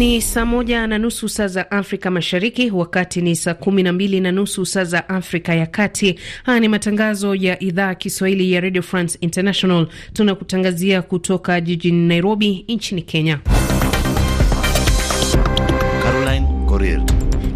Ni saa moja na nusu saa za Afrika Mashariki, wakati ni saa kumi na mbili na nusu saa za Afrika ya Kati. Haya ni matangazo ya idhaa Kiswahili ya Radio France International, tunakutangazia kutoka jijini Nairobi nchini Kenya.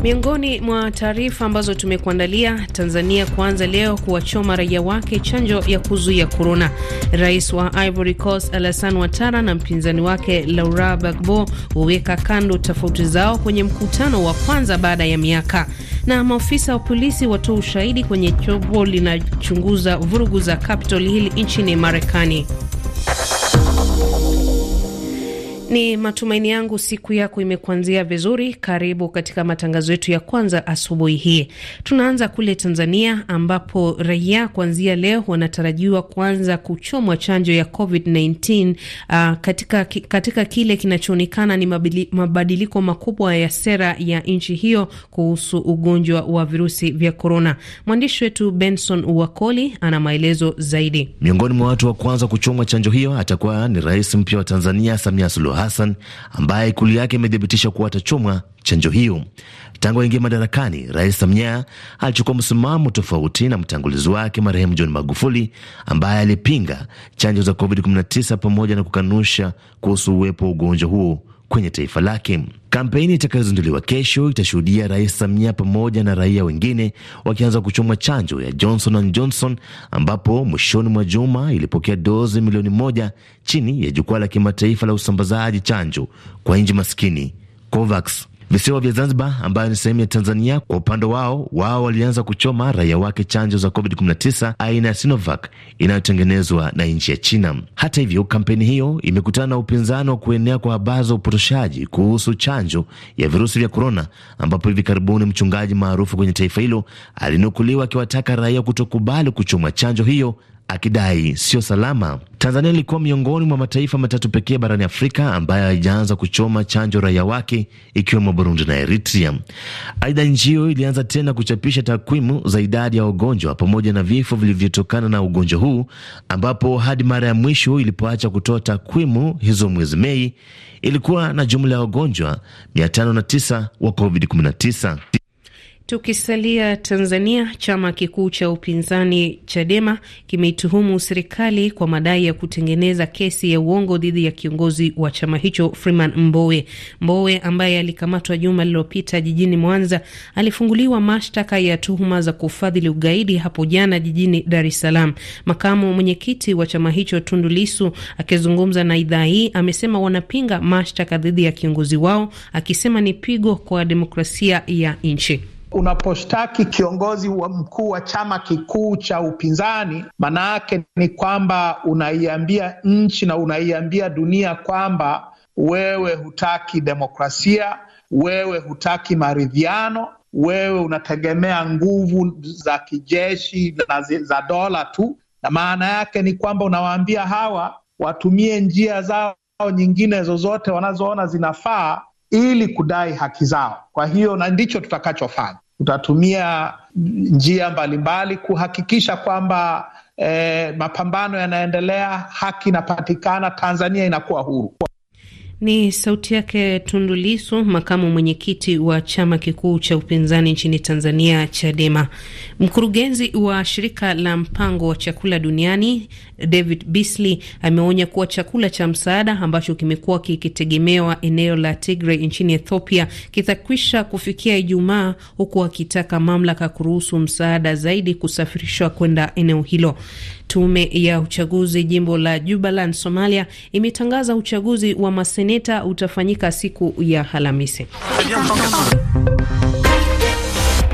Miongoni mwa taarifa ambazo tumekuandalia: Tanzania kuanza leo kuwachoma raia wake chanjo ya kuzuia korona. Rais wa Ivory Coast Alassane Ouattara na mpinzani wake Laurent Gbagbo waweka kando tofauti zao kwenye mkutano wa kwanza baada ya miaka na maofisa wa polisi watoa ushahidi kwenye chombo linachunguza vurugu za Capitol Hill nchini Marekani. Ni matumaini yangu siku yako imekuanzia vizuri. Karibu katika matangazo yetu ya kwanza asubuhi hii. Tunaanza kule Tanzania ambapo raia kuanzia leo wanatarajiwa kuanza kuchomwa chanjo ya COVID-19 uh, ah, katika, katika kile kinachoonekana ni mabadiliko makubwa ya sera ya nchi hiyo kuhusu ugonjwa wa virusi vya korona. Mwandishi wetu Benson Wakoli ana maelezo zaidi. Miongoni mwa watu wa kwanza kuchomwa chanjo hiyo atakuwa ni rais mpya wa Tanzania Samia Suluhu Hassan ambaye ikulu yake imethibitisha kuwa atachomwa chanjo hiyo. Tangu aingia madarakani, Rais Samia alichukua msimamo tofauti na mtangulizi wake marehemu John Magufuli ambaye alipinga chanjo za COVID-19 pamoja na kukanusha kuhusu uwepo wa ugonjwa huo kwenye taifa lake. Kampeni itakayozinduliwa kesho itashuhudia Rais Samia pamoja na raia wengine wakianza kuchomwa chanjo ya Johnson and Johnson, ambapo mwishoni mwa juma ilipokea dozi milioni moja chini ya jukwaa la kimataifa la usambazaji chanjo kwa nchi maskini COVAX. Visiwa vya Zanzibar ambayo ni sehemu ya Tanzania, kwa upande wao wao walianza kuchoma raia wake chanjo za COVID-19 aina ya Sinovac inayotengenezwa na nchi ya China. Hata hivyo, kampeni hiyo imekutana na upinzani wa kuenea kwa habari za upotoshaji kuhusu chanjo ya virusi vya korona, ambapo hivi karibuni mchungaji maarufu kwenye taifa hilo alinukuliwa akiwataka raia kutokubali kuchomwa chanjo hiyo akidai sio salama. Tanzania ilikuwa miongoni mwa mataifa matatu pekee barani Afrika ambayo haijaanza kuchoma chanjo raia wake ikiwemo Burundi na Eritrea. Aidha, nchi hiyo ilianza tena kuchapisha takwimu za idadi ya wagonjwa pamoja na vifo vilivyotokana na ugonjwa huu, ambapo hadi mara ya mwisho ilipoacha kutoa takwimu hizo mwezi Mei, ilikuwa na jumla ya wagonjwa 509 wa COVID-19. Tukisalia Tanzania, chama kikuu cha upinzani Chadema kimeituhumu serikali kwa madai ya kutengeneza kesi ya uongo dhidi ya kiongozi wa chama hicho Freeman Mbowe. Mbowe ambaye alikamatwa juma lililopita jijini Mwanza alifunguliwa mashtaka ya tuhuma za kufadhili ugaidi hapo jana jijini Dar es Salaam. Makamu mwenyekiti wa chama hicho Tundu Lisu akizungumza na idhaa hii amesema wanapinga mashtaka dhidi ya kiongozi wao, akisema ni pigo kwa demokrasia ya nchi unaposhtaki kiongozi wa mkuu wa chama kikuu cha upinzani, maana yake ni kwamba unaiambia nchi na unaiambia dunia kwamba wewe hutaki demokrasia, wewe hutaki maridhiano, wewe unategemea nguvu za kijeshi na za dola tu, na maana yake ni kwamba unawaambia hawa watumie njia zao nyingine zozote wanazoona zinafaa ili kudai haki zao. Kwa hiyo, na ndicho tutakachofanya. Tutatumia njia mbalimbali kuhakikisha kwamba eh, mapambano yanaendelea, haki inapatikana, Tanzania inakuwa huru. Ni sauti yake Tundu Lissu, makamu mwenyekiti wa chama kikuu cha upinzani nchini Tanzania, Chadema. Mkurugenzi wa shirika la mpango wa chakula duniani David Beasley ameonya kuwa chakula cha msaada ambacho kimekuwa kikitegemewa eneo la Tigray nchini Ethiopia kitakwisha kufikia Ijumaa, huku akitaka mamlaka kuruhusu msaada zaidi kusafirishwa kwenda eneo hilo. Tume ya uchaguzi jimbo la Jubaland, Somalia, imetangaza uchaguzi wa masene seneta utafanyika siku ya Alhamisi.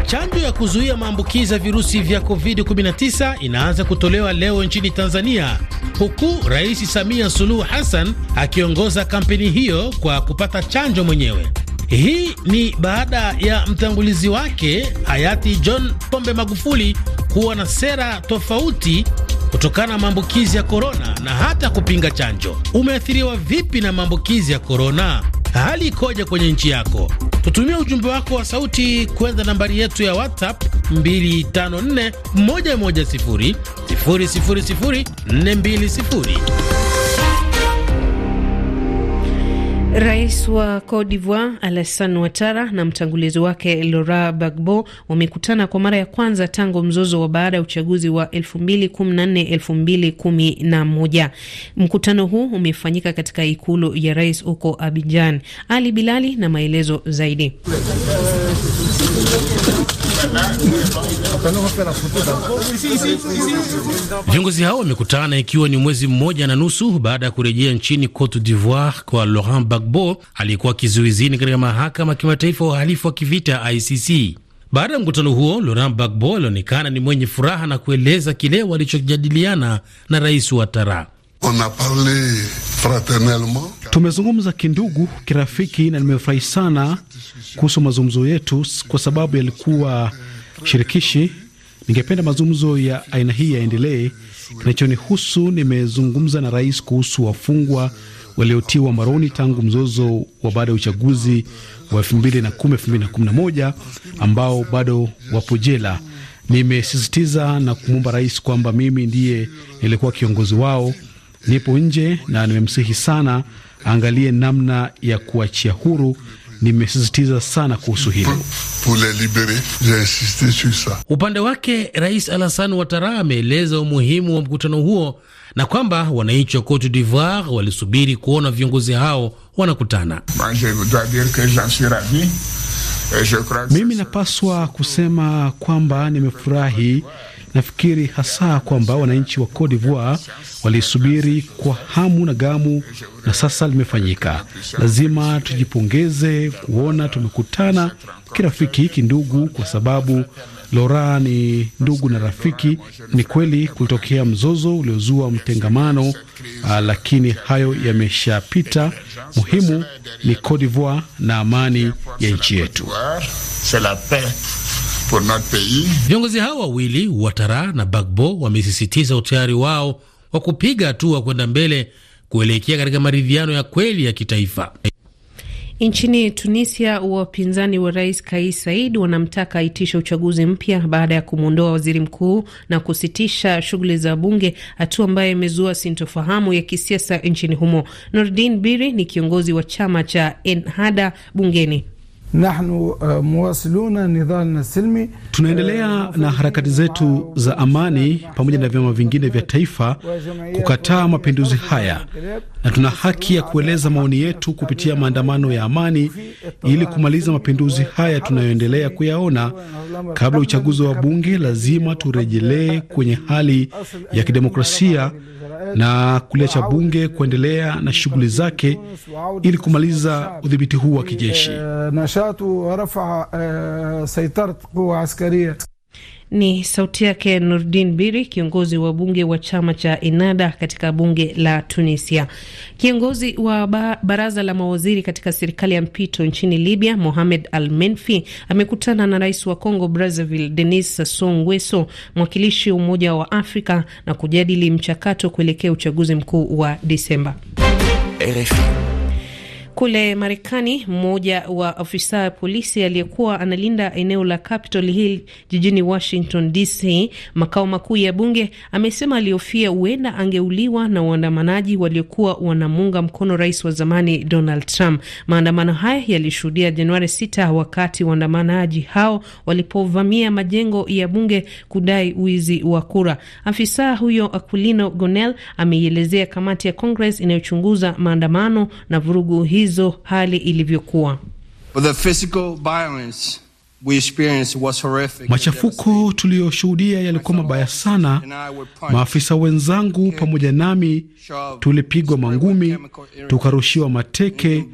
Chanjo ya kuzuia maambukizi ya virusi vya COVID-19 inaanza kutolewa leo nchini Tanzania, huku Rais Samia Suluhu Hassan akiongoza kampeni hiyo kwa kupata chanjo mwenyewe. Hii ni baada ya mtangulizi wake hayati John Pombe Magufuli kuwa na sera tofauti kutokana na maambukizi ya korona na hata kupinga chanjo. Umeathiriwa vipi na maambukizi ya korona? Hali ikoje kwenye nchi yako? Tutumia ujumbe wako wa sauti kwenda nambari yetu ya WhatsApp 254 110 000 420. Rais wa Cote d'Ivoire Alassane Ouattara na mtangulizi wake Laurent Gbagbo wamekutana kwa mara ya kwanza tangu mzozo wa baada ya uchaguzi wa 2014 2011. Mkutano huu umefanyika katika ikulu ya rais huko Abidjan. Ali Bilali na maelezo zaidi uh, Viongozi hao wamekutana ikiwa ni mwezi mmoja na nusu baada ya kurejea nchini Cote d'Ivoire kwa Laurent Gbagbo aliyekuwa kizuizini katika mahakama ya kimataifa wa uhalifu wa kivita ICC. Baada ya mkutano huo, Laurent Gbagbo alionekana ni mwenye furaha na kueleza kile walichojadiliana na rais Ouattara. Tumezungumza kindugu, kirafiki na nimefurahi sana kuhusu mazungumzo yetu kwa sababu yalikuwa shirikishi. Ningependa mazungumzo ya aina hii yaendelee. Kinachonihusu, nimezungumza na rais kuhusu wafungwa waliotiwa mbaroni tangu mzozo wa baada ya uchaguzi wa 2010 2011 ambao bado wapo jela. Nimesisitiza na kumwomba rais kwamba mimi ndiye nilikuwa kiongozi wao Nipo nje na nimemsihi sana aangalie namna ya kuachia huru. Nimesisitiza sana kuhusu hilo. Upande wake, Rais Alassane Ouattara ameeleza umuhimu wa mkutano huo na kwamba wananchi wa Cote d'Ivoire walisubiri kuona viongozi hao wanakutana. Mimi napaswa kusema kwamba nimefurahi Nafikiri hasa kwamba wananchi wa Cote d'Ivoire walisubiri kwa hamu na gamu, na sasa limefanyika. Lazima tujipongeze kuona tumekutana kirafiki kindugu, kwa sababu lora ni ndugu na rafiki. Ni kweli kulitokea mzozo uliozua mtengamano, ah, lakini hayo yameshapita. Muhimu ni Cote d'Ivoire na amani ya nchi yetu for not paying. Viongozi hao wawili watara na Bagbo wamesisitiza utayari wao wa kupiga hatua kwenda mbele kuelekea katika maridhiano ya kweli ya kitaifa. Nchini Tunisia, wapinzani wa rais Kais Saied wanamtaka aitishe uchaguzi mpya baada ya kumwondoa waziri mkuu na kusitisha shughuli za bunge, hatua ambayo imezua sintofahamu ya kisiasa nchini humo. Nordin Biri ni kiongozi wa chama cha Ennahda bungeni. Nahnu, uh, muwasiluna nidhalna silmi, tunaendelea uh, na harakati zetu za amani pamoja na vyama vingine vya taifa kukataa mapinduzi haya, na tuna haki ya kueleza maoni yetu kupitia maandamano ya amani ili kumaliza mapinduzi haya tunayoendelea kuyaona. Kabla uchaguzi wa bunge, lazima turejelee kwenye hali ya kidemokrasia na kuliacha bunge kuendelea na shughuli zake ili kumaliza udhibiti huu wa kijeshi. Eh, ni sauti yake Nurdin Biri, kiongozi wa bunge wa chama cha Inada katika bunge la Tunisia. Kiongozi wa ba baraza la mawaziri katika serikali ya mpito nchini Libya, Mohamed Al Menfi, amekutana na rais wa Congo Brazzaville, Denis Sassou Nguesso, mwakilishi wa Umoja wa Afrika, na kujadili mchakato kuelekea uchaguzi mkuu wa Disemba. RFI. Kule Marekani, mmoja wa afisa polisi aliyekuwa analinda eneo la Capitol Hill jijini Washington DC, makao makuu ya bunge, amesema alihofia huenda angeuliwa na waandamanaji waliokuwa wanamuunga mkono rais wa zamani Donald Trump. Maandamano haya yalishuhudia Januari 6 wakati waandamanaji hao walipovamia majengo ya bunge kudai wizi wa kura. Afisa huyo Aquilino Gonel ameielezea kamati ya Congress inayochunguza maandamano na vurugu hizi hizo hali ilivyokuwa. Machafuko tuliyoshuhudia yalikuwa mabaya sana. Maafisa wenzangu pamoja nami tulipigwa mangumi, tukarushiwa mateke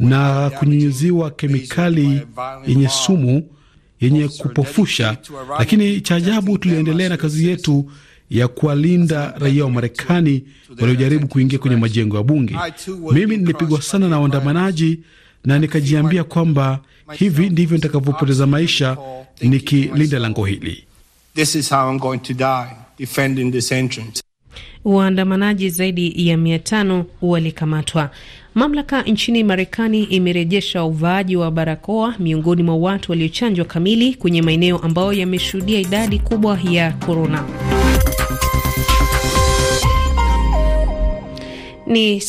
na kunyunyuziwa kemikali yenye sumu yenye kupofusha, lakini cha ajabu tuliendelea na kazi yetu ya kuwalinda raia wa Marekani waliojaribu kuingia kwenye majengo ya Bunge. Mimi nilipigwa sana na waandamanaji na nikajiambia kwamba hivi ndivyo nitakavyopoteza maisha nikilinda lango hili. Waandamanaji zaidi ya mia tano walikamatwa. Mamlaka nchini Marekani imerejesha uvaaji wa barakoa miongoni mwa watu waliochanjwa kamili kwenye maeneo ambayo yameshuhudia idadi kubwa ya korona. ni